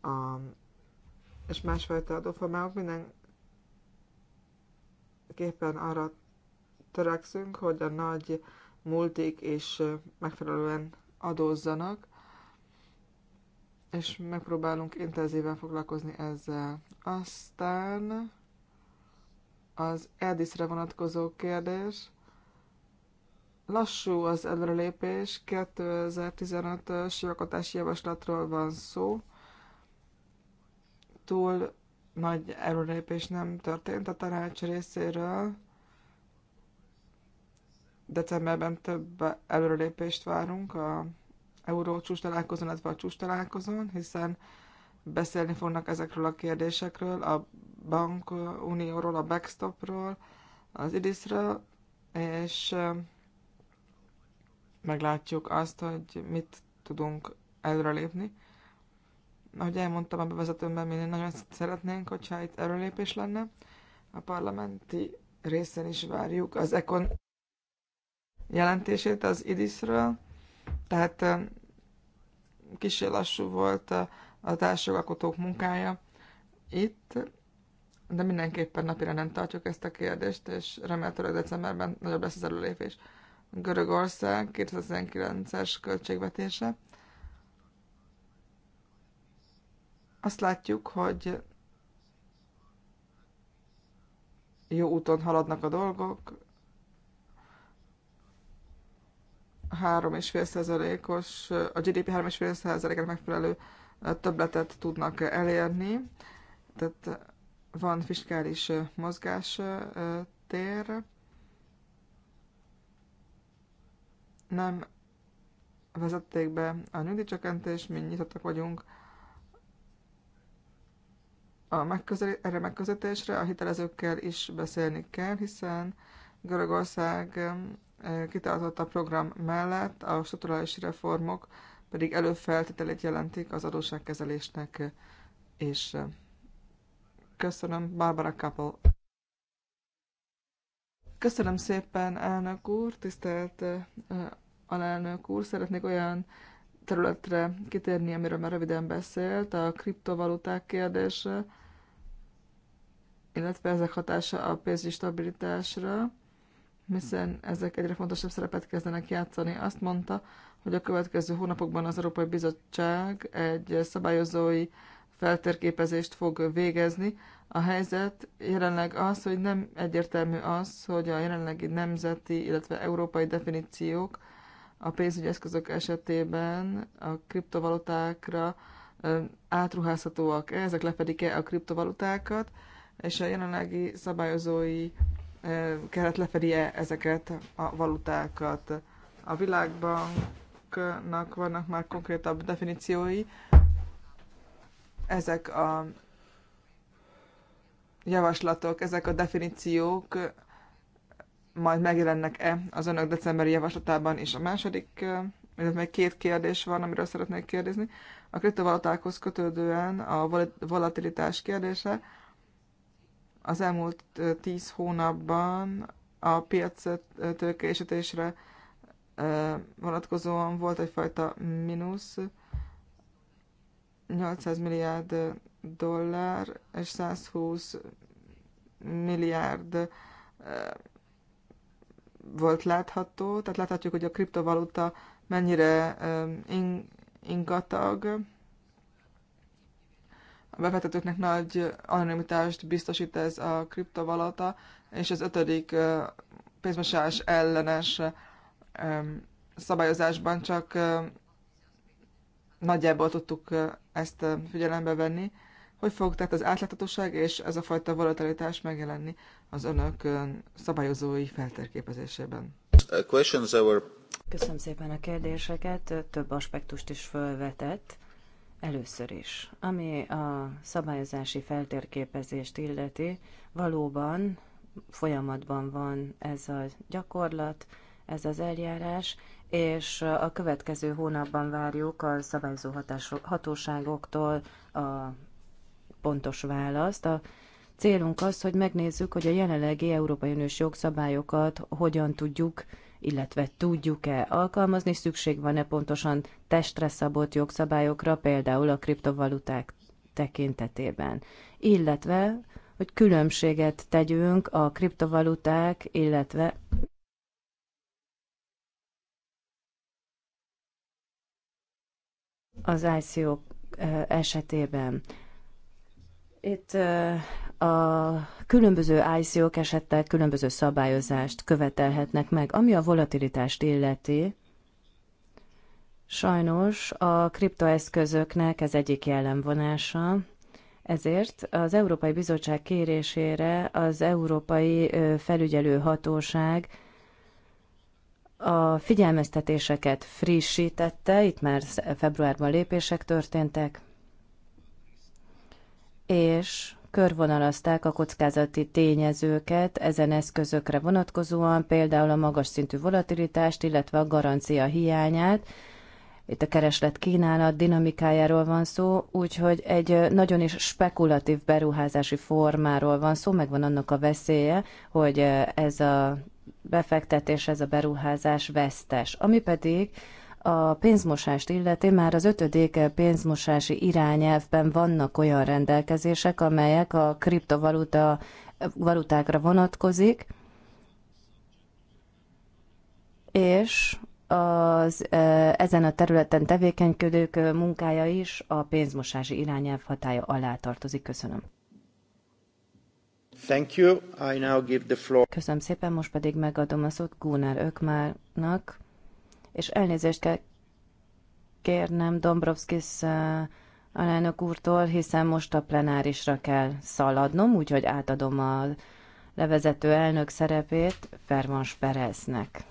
a, és másfajta adóformák mindenképpen arra törekszünk, hogy a nagy multik is megfelelően adózzanak, és megpróbálunk intenzíven foglalkozni ezzel. Aztán az Edisre vonatkozó kérdés. Lassú az előrelépés, 2015-ös jogotási javaslatról van szó. Túl nagy előrelépés nem történt a tanács részéről. Decemberben több előrelépést várunk a euró csúcs találkozón, illetve a csúcs találkozón, hiszen beszélni fognak ezekről a kérdésekről, a bankunióról, a backstopról, az idisről, és meglátjuk azt, hogy mit tudunk előrelépni. Ahogy elmondtam a bevezetőmben, mi nagyon szeretnénk, hogyha itt előrelépés lenne. A parlamenti részen is várjuk az ekon jelentését az idis tehát kicsi lassú volt a, a társjogalkotók munkája itt, de mindenképpen napira nem tartjuk ezt a kérdést, és remélhetőleg decemberben nagyobb lesz az előlépés. Görögország 2019-es költségvetése. Azt látjuk, hogy jó úton haladnak a dolgok, 3,5%-os, a GDP 3,5%-ának megfelelő többletet tudnak elérni, tehát van fiskális tér, nem vezették be a nyugdíjcsökkentést, mi nyitottak vagyunk a megközel, erre megközelítésre, a hitelezőkkel is beszélni kell, hiszen Görögország kitartott a program mellett, a strukturális reformok pedig előfeltételét jelentik az adósságkezelésnek, és köszönöm Barbara Kappel. Köszönöm szépen, elnök úr, tisztelt alelnök úr, szeretnék olyan területre kitérni, amiről már röviden beszélt, a kriptovaluták kérdése, illetve ezek hatása a pénzügyi stabilitásra hiszen ezek egyre fontosabb szerepet kezdenek játszani. Azt mondta, hogy a következő hónapokban az Európai Bizottság egy szabályozói feltérképezést fog végezni. A helyzet jelenleg az, hogy nem egyértelmű az, hogy a jelenlegi nemzeti, illetve európai definíciók a pénzügyi eszközök esetében a kriptovalutákra átruházhatóak -e, ezek lefedik-e a kriptovalutákat, és a jelenlegi szabályozói kellett lefedie ezeket a valutákat. A világbanknak vannak már konkrétabb definíciói. Ezek a javaslatok, ezek a definíciók majd megjelennek-e az önök decemberi javaslatában is. A második, illetve még két kérdés van, amiről szeretnék kérdezni. A kriptovalutákhoz kötődően a volatilitás kérdése az elmúlt tíz hónapban a piac tőkésítésre vonatkozóan volt egyfajta mínusz, 800 milliárd dollár és 120 milliárd volt látható, tehát láthatjuk, hogy a kriptovaluta mennyire ingatag, a befektetőknek nagy anonimitást biztosít ez a kriptovaluta, és az ötödik pénzmosás ellenes szabályozásban csak nagyjából tudtuk ezt figyelembe venni, hogy fog tehát az átláthatóság és ez a fajta volatilitás megjelenni az önök szabályozói felterképezésében. Uh, Köszönöm szépen a kérdéseket, több aspektust is felvetett. Először is, ami a szabályozási feltérképezést illeti, valóban folyamatban van ez a gyakorlat, ez az eljárás, és a következő hónapban várjuk a szabályozó hatóságoktól a pontos választ. A célunk az, hogy megnézzük, hogy a jelenlegi Európai Uniós jogszabályokat hogyan tudjuk illetve tudjuk-e alkalmazni, szükség van-e pontosan testre szabott jogszabályokra, például a kriptovaluták tekintetében, illetve hogy különbséget tegyünk a kriptovaluták, illetve az ICO eh, esetében. Itt eh, a különböző ICO-k esettel különböző szabályozást követelhetnek meg. Ami a volatilitást illeti, sajnos a kriptoeszközöknek ez egyik jellemvonása, ezért az Európai Bizottság kérésére az Európai Felügyelő Hatóság a figyelmeztetéseket frissítette, itt már februárban lépések történtek, és körvonalazták a kockázati tényezőket ezen eszközökre vonatkozóan, például a magas szintű volatilitást, illetve a garancia hiányát. Itt a kereslet kínálat dinamikájáról van szó, úgyhogy egy nagyon is spekulatív beruházási formáról van szó, megvan annak a veszélye, hogy ez a befektetés, ez a beruházás vesztes. Ami pedig a pénzmosást illeti már az ötödik pénzmosási irányelvben vannak olyan rendelkezések, amelyek a kriptovaluta valutákra vonatkozik, és az e, ezen a területen tevékenykedők munkája is a pénzmosási irányelv hatája alá tartozik. Köszönöm. Thank you. I now give the floor. Köszönöm szépen, most pedig megadom a szót Gunnar Ökmárnak és elnézést kell kérnem Dombrovskis alelnök úrtól, hiszen most a plenárisra kell szaladnom, úgyhogy átadom a levezető elnök szerepét Fervans Pereznek.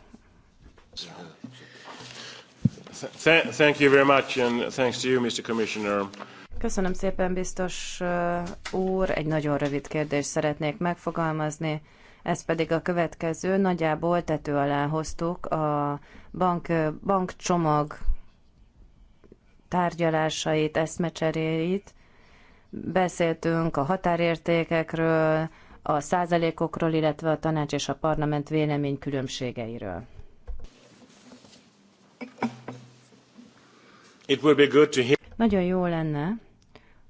Thank you very much, and thanks to you, Mr. Commissioner. Köszönöm szépen, biztos úr. Egy nagyon rövid kérdést szeretnék megfogalmazni ez pedig a következő. Nagyjából tető alá hoztuk a bank, bankcsomag tárgyalásait, eszmecseréit. Beszéltünk a határértékekről, a százalékokról, illetve a tanács és a parlament vélemény különbségeiről. It will be good to hear. Nagyon jó lenne,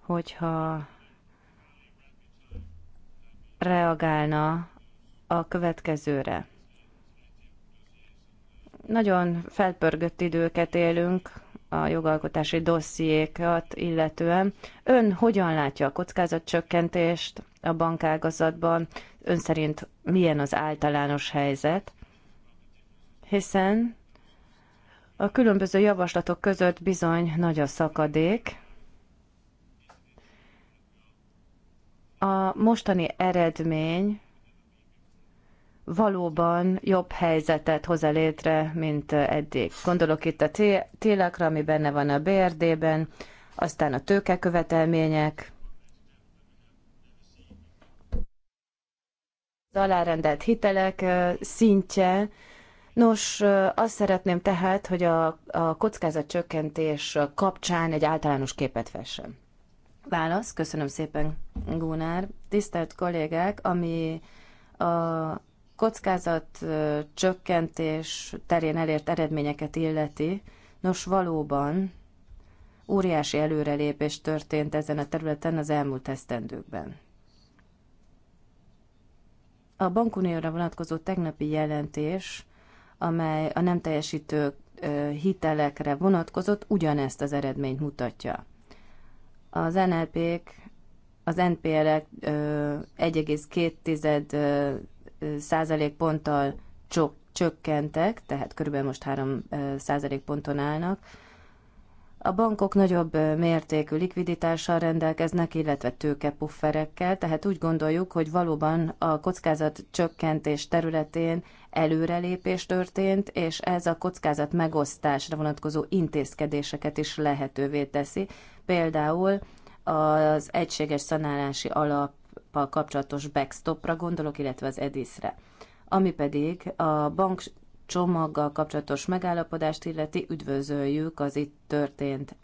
hogyha reagálna a következőre. Nagyon felpörgött időket élünk a jogalkotási dossziékat illetően. Ön hogyan látja a kockázatcsökkentést a bankágazatban? Ön szerint milyen az általános helyzet? Hiszen a különböző javaslatok között bizony nagy a szakadék. A mostani eredmény valóban jobb helyzetet hoz létre, mint eddig. Gondolok itt a télekre, ami benne van a BRD-ben, aztán a tőkekövetelmények, az alárendelt hitelek szintje. Nos, azt szeretném tehát, hogy a, a kockázatcsökkentés kapcsán egy általános képet fessem. Válasz, köszönöm szépen, Gunár. Tisztelt kollégák, ami a kockázat csökkentés terén elért eredményeket illeti, nos valóban óriási előrelépés történt ezen a területen az elmúlt esztendőkben. A bankunióra vonatkozó tegnapi jelentés, amely a nem teljesítő hitelekre vonatkozott, ugyanezt az eredményt mutatja. Az NLP-k, az NPL-ek 1,2 százalékponttal csökkentek, tehát körülbelül most 3 százalékponton állnak. A bankok nagyobb mértékű likviditással rendelkeznek, illetve tőkepufferekkel, tehát úgy gondoljuk, hogy valóban a kockázat csökkentés területén előrelépés történt, és ez a kockázat megosztásra vonatkozó intézkedéseket is lehetővé teszi. Például az egységes szanálási alap kapcsolatos backstopra gondolok, illetve az Edisre. Ami pedig a bank csomaggal kapcsolatos megállapodást illeti, üdvözöljük az itt történt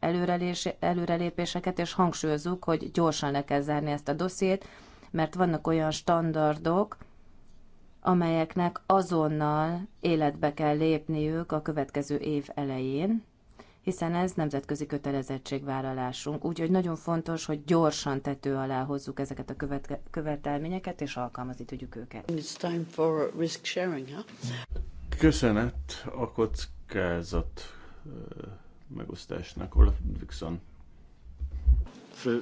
előrelépéseket, és hangsúlyozzuk, hogy gyorsan le kell zárni ezt a dossziét, mert vannak olyan standardok, amelyeknek azonnal életbe kell lépniük a következő év elején, hiszen ez nemzetközi kötelezettségvállalásunk. Úgyhogy nagyon fontos, hogy gyorsan tető alá hozzuk ezeket a követke- követelményeket, és alkalmazni tudjuk őket. It's time for risk sharing, huh? Köszönet a kockázat megosztásnak, Olaf Dixon. Fru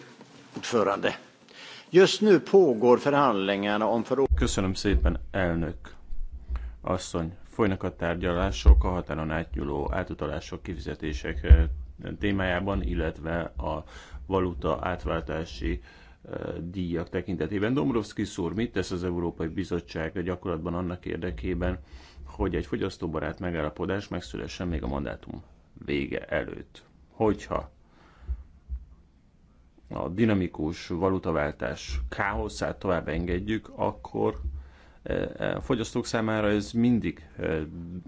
Just nu pågår förhandlingarna om för... Köszönöm szépen, elnök asszony. Folynak a tárgyalások a határon átnyúló átutalások, kifizetések eh, témájában, illetve a valuta átváltási eh, díjak tekintetében. Dombrovski szúr, mit tesz az Európai Bizottság gyakorlatban annak érdekében, hogy egy fogyasztóbarát megállapodás megszülessen még a mandátum vége előtt? Hogyha a dinamikus valutaváltás káoszát tovább engedjük, akkor a fogyasztók számára ez mindig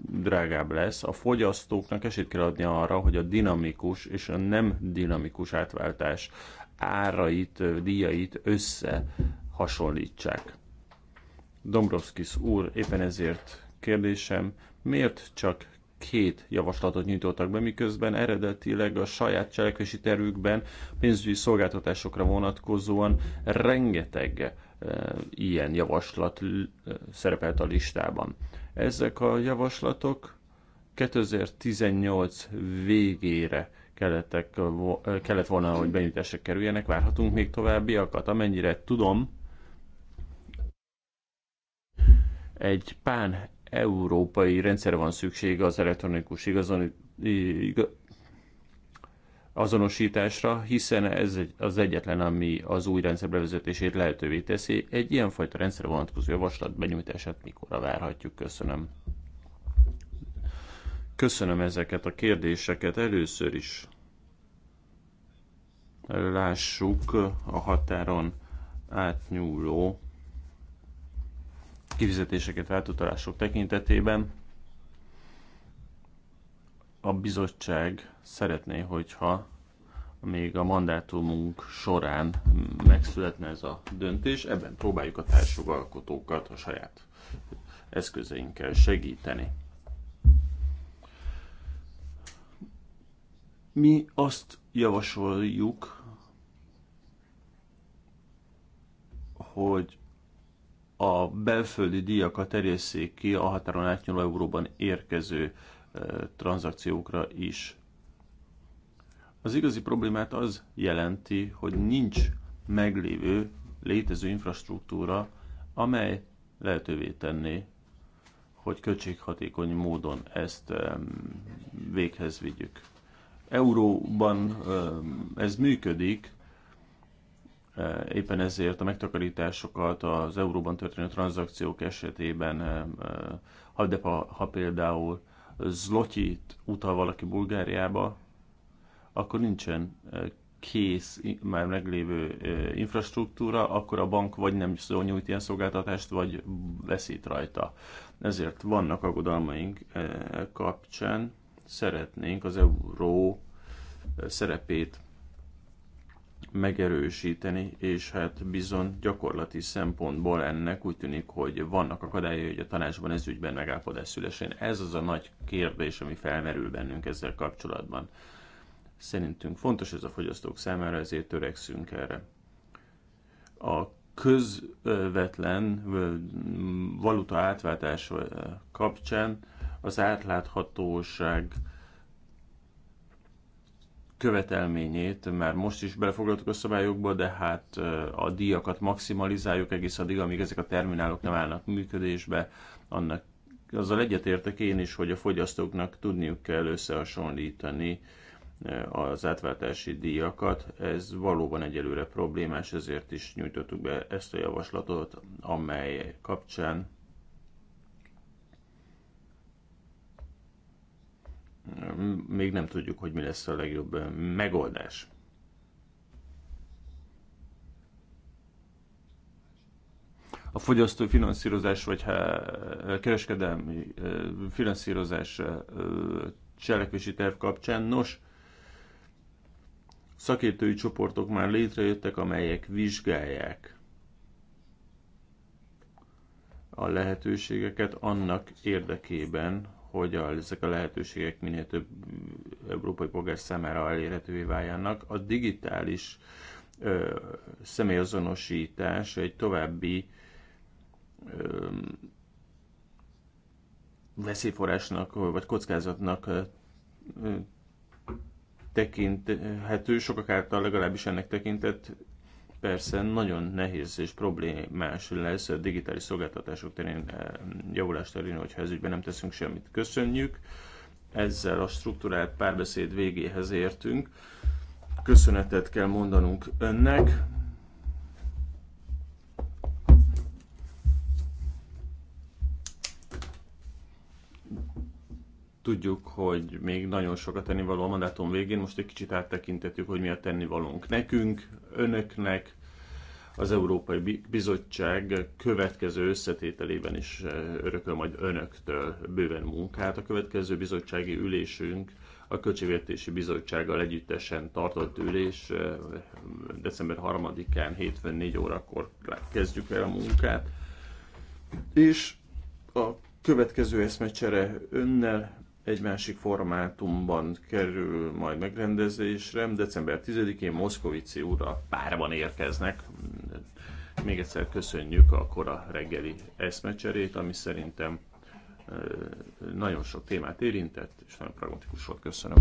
drágább lesz. A fogyasztóknak esélyt kell adni arra, hogy a dinamikus és a nem dinamikus átváltás árait, díjait összehasonlítsák. Dombrovskis úr, éppen ezért kérdésem, miért csak két javaslatot nyújtottak be, miközben eredetileg a saját cselekvési tervükben pénzügyi szolgáltatásokra vonatkozóan rengeteg ilyen javaslat szerepelt a listában. Ezek a javaslatok 2018 végére kellettek, kellett volna, hogy benyújtások kerüljenek. Várhatunk még továbbiakat? Amennyire tudom, egy pán európai rendszer van szükség az elektronikus igazon, azonosításra, hiszen ez az egyetlen, ami az új rendszer bevezetését lehetővé teszi. Egy ilyenfajta rendszerre vonatkozó javaslat benyújtását mikorra várhatjuk? Köszönöm. Köszönöm ezeket a kérdéseket először is. Lássuk a határon átnyúló kifizetéseket, átutalások tekintetében a bizottság szeretné, hogyha még a mandátumunk során megszületne ez a döntés, ebben próbáljuk a társjogalkotókat a saját eszközeinkkel segíteni. Mi azt javasoljuk, hogy a belföldi díjakat terjesszék ki a határon átnyúló euróban érkező tranzakciókra is. Az igazi problémát az jelenti, hogy nincs meglévő, létező infrastruktúra, amely lehetővé tenné, hogy költséghatékony módon ezt véghez vigyük. Euróban ez működik, éppen ezért a megtakarításokat az euróban történő tranzakciók esetében, ha, ha például zlotyit utal valaki Bulgáriába, akkor nincsen kész, már meglévő infrastruktúra, akkor a bank vagy nem nyújt ilyen szolgáltatást, vagy veszít rajta. Ezért vannak aggodalmaink kapcsán. Szeretnénk az euró szerepét megerősíteni, és hát bizony gyakorlati szempontból ennek úgy tűnik, hogy vannak akadályai, hogy a tanácsban ez ügyben megállapodás szülesen. Ez az a nagy kérdés, ami felmerül bennünk ezzel kapcsolatban. Szerintünk fontos ez a fogyasztók számára, ezért törekszünk erre. A közvetlen valuta átváltás kapcsán az átláthatóság követelményét már most is belefoglaltuk a szabályokba, de hát a díjakat maximalizáljuk egész addig, amíg ezek a terminálok nem állnak működésbe, annak azzal egyetértek én is, hogy a fogyasztóknak tudniuk kell összehasonlítani az átváltási díjakat. Ez valóban egyelőre problémás, ezért is nyújtottuk be ezt a javaslatot, amely kapcsán még nem tudjuk, hogy mi lesz a legjobb eh, megoldás. A fogyasztói finanszírozás vagy ha eh, kereskedelmi eh, finanszírozás cselekvési terv kapcsán. Nos, szakértői csoportok már létrejöttek, amelyek vizsgálják a lehetőségeket annak érdekében, hogy a, ezek a lehetőségek minél több európai polgár számára elérhetővé váljanak. A digitális ö, személyazonosítás egy további ö, veszélyforrásnak vagy kockázatnak tekinthető, sokak által legalábbis ennek tekintett persze nagyon nehéz és problémás lesz a digitális szolgáltatások terén eh, javulást terén, hogyha ez ügyben nem teszünk semmit. Köszönjük! Ezzel a struktúrált párbeszéd végéhez értünk. Köszönetet kell mondanunk önnek, Tudjuk, hogy még nagyon sok a tennivaló a mandátum végén, most egy kicsit áttekintettük, hogy mi a tennivalónk nekünk, önöknek, az Európai Bizottság következő összetételében is eh, örököl majd önöktől bőven munkát. A következő bizottsági ülésünk a Költségvetési Bizottsággal együttesen tartott ülés eh, december 3-án 74 órakor kezdjük el a munkát. És a következő eszmecsere önnel, egy másik formátumban kerül majd megrendezésre. December 10-én Moszkovici úrral párban érkeznek. Még egyszer köszönjük a kora reggeli eszmecserét, ami szerintem nagyon sok témát érintett, és nagyon pragmatikus volt. Köszönöm.